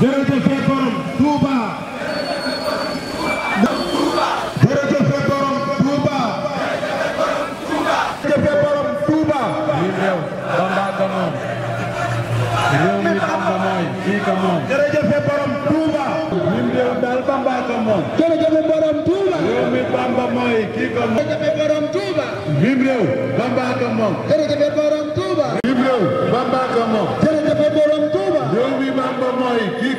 jërëjëf fee borom Touba. jërëjëf fee borom Touba. jërëjëf fee borom Touba. lii réew bambaa ko moom. réew mi am na mooy fii ko moom. jërëjëf fee borom Touba. lii réew daal bambaa ko moom. jërëjëf fee borom Touba. réew mi bamba mooy kii ko moom. jërëjëf fee borom Touba. lii réew bambaa ko moom. jërëjëf fee borom Touba.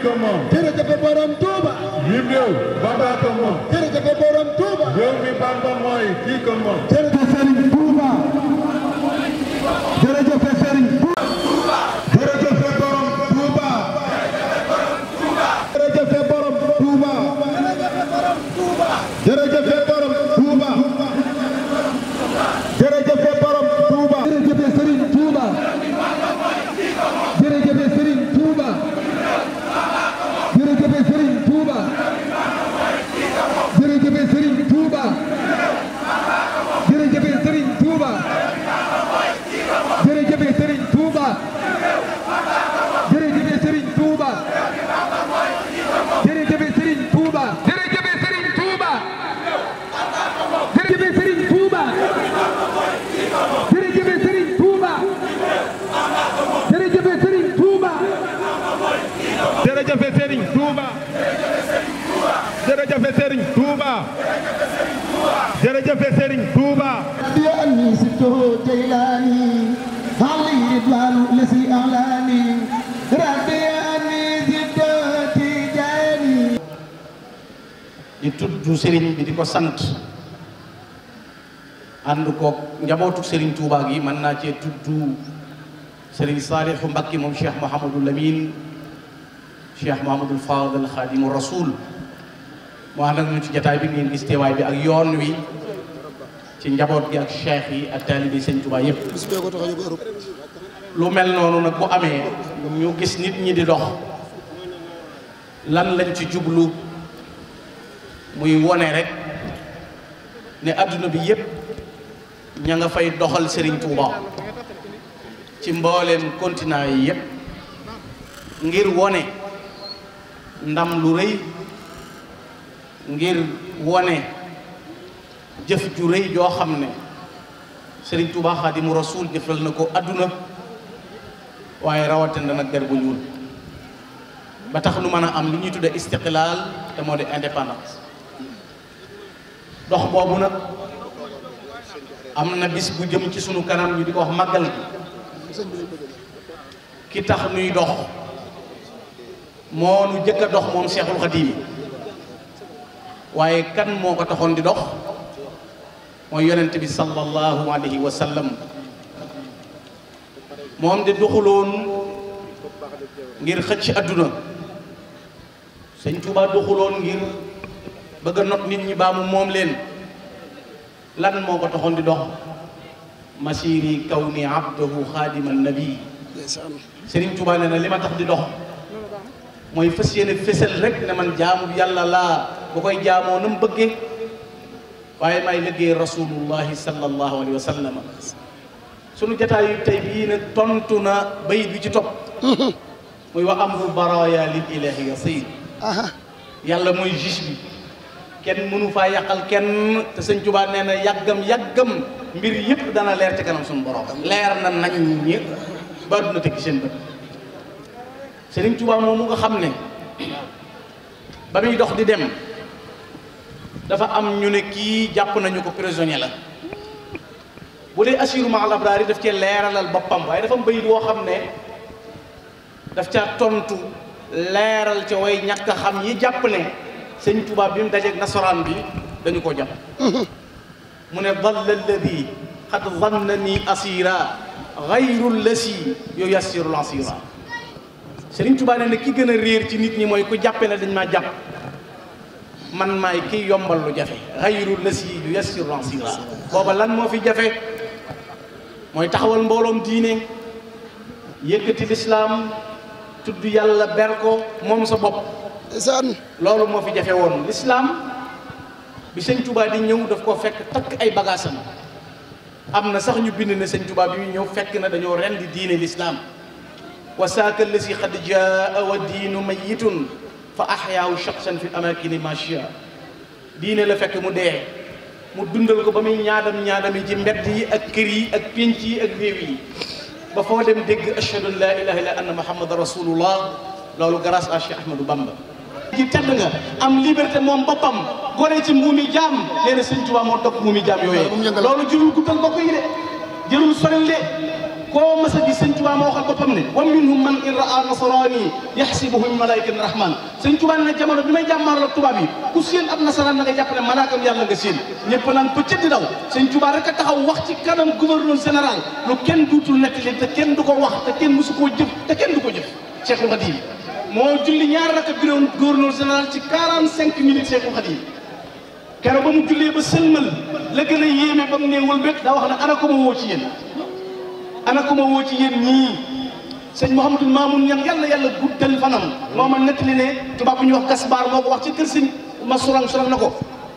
ko moom. jërëjëf borom Touba. yim réew Bamba ko moom. jërëjëf borom Touba. mi Bamba mooy kii ko moom. jërëjëf Serigne Touba. jërëjëf Serigne Touba. jërëjëf Serigne Touba. jërëjëf Serigne Touba. jërëjëf Serigne Touba. jërëjëf Serigne Touba. jërëjëf Serigne Touba. jërëjëf Serigne Touba. jërëjëf Serigne Touba. jërëjëf Serigne Touba. jërëjëf Serigne Touba. jërëjëf Serigne Touba. di tudd sëriñ bi di ko sant ànd koog njabootu sëriñ Touba yi mën naa cee tudd sëriñ Saalihu Mbakki moom Cheikh Mouhamadul Amin Cheikh Mouhamadul Fadal Xaadimu Rasul mu ànd ak ñun ci jataay bi ngeen gis teewaay bi ak yoon wi ci njaboot gi ak cheikh yi ak taalibe sëriñ Touba yépp lu mel noonu nag ku amee ñu gis nit ñi di dox lan lañ ci jublu muy wone rek ne àdduna bi yépp ña nga fay doxal Serigne Touba ci mbooleem continent yi yépp ngir wone ndam lu rëy ngir wone jëf ju rëy joo xam ne Serigne Touba Xaadimu Rasuul jëfal na ko àdduna waaye rawatina nag der bu ñuul ba tax nu mën a am lu ñuy tudde istiqlaal te moo di indépendance dox boobu nag am na bis bu jëm ci sunu kanam ñu di ko wax màggal ki tax nuy dox moo nu jëkk dox moom Seexul Xadiim waaye kan moo ko taxoon di dox mooy yonent bi sallallahu alayhi wa moom de doxuloon ngir xëcc àdduna sëñ Tuubaa doxuloon ngir bëgg a not nit ñi baa mu moom leen lan moo ko toxoon di dox masiri kaw ni abdahu xaadima nabi Sëriñ Tuubaa nee na li ma tax di dox mooy fas yéene fésal rek ne man jaamu yàlla laa bu koy jaamoo na mu bëggee waaye may liggéey rasulullahi sallallahu alayhi wa sallam sunu jataay tey bii nag tontu na bay bi ci topp muy wa amru baraya lil ilahi yasir yàlla mooy juge bi kenn mënu faa yàqal kenn te sëñ Tuubaa nee na yàggam yàggam mbir yëpp dana leer ci kanam suñu borom leer na nañ ñi ba duna teg seen bët sëriñ Tuubaa mu nga xam ne ba muy dox di dem dafa am ñu ne kii jàpp nañu ko prisonnier la bu dee asiru ma al yi daf cee leeralal boppam waaye dafa am woo xam ne daf caa tontu leeral ca way ñàkk xam yi jàpp ne sëñ tubaab bi mu dajeeg nasaraan bi dañu ko jàpp mu ne dalla alladi qad zannani asira gayru lasi yu yassirul asira sëriñ Tuubaa ne ne ki gën a réer ci nit ñi mooy ku jàppe ne dañu ma jàpp man maay kiy yombal lu jafe gayru lasi yu yassirul asira booba lan moo fi jafe mooy taxawal mbooloom diine yëkkati lislaam tudd yàlla ber ko moom sa bopp ndeysaan loolu moo fi jafe woon lislaam bi sëñ Touba di ñëw daf koo fekk takk ay bagaasam am na sax ñu bind na sëñ tubaab yi ñëw fekk na dañoo ren di diine lislaam wa saaka lasi xad jaa wa diinu mayitun fa axyaawu shaxsan fi amakini machia diine la fekk mu dee mu dundal ko ba muy ñaadam ñaadami ji mbedd yi ak kër yi ak pénc yi ak réew yi ba foo dem dégg ashhadu an laa ilaha illa anna muhammadan rasulullah loolu grâce à Cheikh Ahmadou Bamba ci tedd nga am liberté moom boppam gore ci muumi jaam nee na sëñ Tuubaa moo dog muumi jaam yooyee loolu jërul guddal mbokk yi de jërul sorel de koo mas a gis sëñ moo waxal boppam ne wa minhum man in raa nasaraani yaxsibuhu min malaayikatin rahmaan sëñ Tuubaa ne jamono bi may jàmmaarloo tubaab yi ku séen ab nasaraan na nga jàpp ne malaakam yàlla nga séen ñëpp naan pëccët di daw sëñ Tuubaa rek a taxaw wax ci kanam gouverneur général lu kenn duutul nettali te kenn du ko wax te kenn musu koo te kenn du ko jëf Cheikhul moo julli ñaar raka biroon gouverneur général ci 45 minutes Seexul Xadiim keroog ba mu jullee ba sëlmal la gën a yéeme ba mu ne wëlbét daa wax ne ana ko ma woo ci yéen ana ko ma woo ci yéen ñii sëñ Mouhamadou Mamoun ñang yàlla yàlla guddal fanam moo ma nettali ne tubaab bu ñuy wax Kasbar moo ko wax ci kër sëñ ma surang surang na ko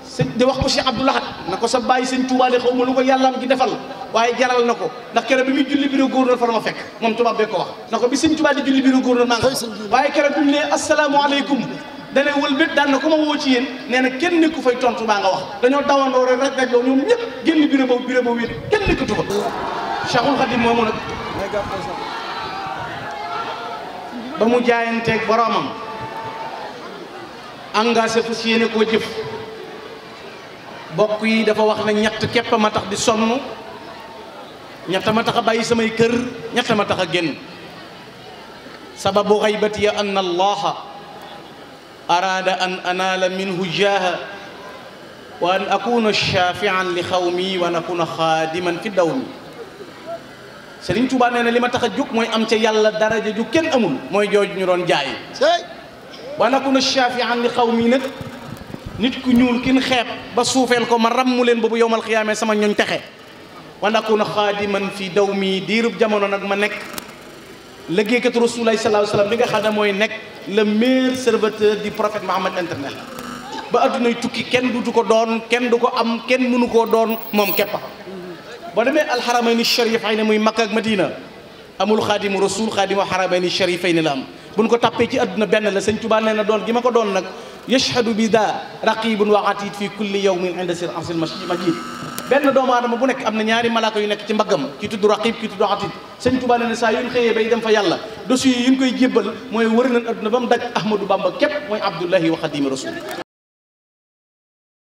sëñ di wax ko Cheikh Abdoul Ahad na ko sa bàyyi sëñ Touba de xaw ma lu ko yàllaam gi defal waaye jaral na ko ndax kere bi muy julli biiru gouverneur fa la ma fekk moom tubaab bee ko wax na ko bi sëñ tubaab di julli biiru gouverneur maa ngi waaye keroog bi mu ne asalaamaaleykum dane wëlbét daan na ko ma woo ci yéen nee na kenn nekku fay tontu baa nga wax dañoo dawandoo rek rek dajloo ñoom ñëpp génn bureau boobu bureau boobu wéet kenn nekkatu fa Cheikhul Khadim moomu nag ba mu jaayanteeg boromam engagé fu si koo jëf bokk yi dafa wax na ñett képp ma tax di sonn ñett ma tax a bàyyi samay kër ñett ma tax a génn sababu xaybati ya anna allaha araada an anaala minhu jaaha wa an akuna shaafian li xawmi wa an akuna xaadiman fi dawmi Sëriñ Tuubaa nee li ma tax a jóg mooy am ca yàlla daraja ju kenn amul mooy jooju ñu doon jaay wa an akuna shaafian li xawmi nag nit ku ñuul kin xeeb ba suufeel ko ma ràmmu leen ba bu yowmal xiyaamee sama ñooñ texe wan akuna xaadiman fi daw mi diirub jamono nag ma nekk liggéeykatu rasulullahi sallallahu alayhi wasallam bi nga xam ne mooy nekk le meilleur serviteur du prophète Mohammed internet ba addunay tukki kenn du ko doon kenn du ko am kenn mënu koo doon moom keppa boo demee alxaramayni sharifayni muy Makka ak Madina amul xaadimu rasul xaadimu xaramayni sharifayni la am buñ ko tàppee ci adduna benn la sëñ Tuubaa nee na doon gi ma ko doon nag yashhadu bi daa raqibun wa atid fi kulli yawmin benn doomu aadama bu nekk am na ñaari malaaka yu nekk ci mbaggam ki tudd raqib ki tudd atid sëñ Tuubaa na saa yu ñu xëyee bay dem fa yàlla dossiers yi ñu koy jébbal mooy wër nañ adduna ba mu daj Ahmadou Bamba képp mooy Abdullahi wa Xaadimu Rasul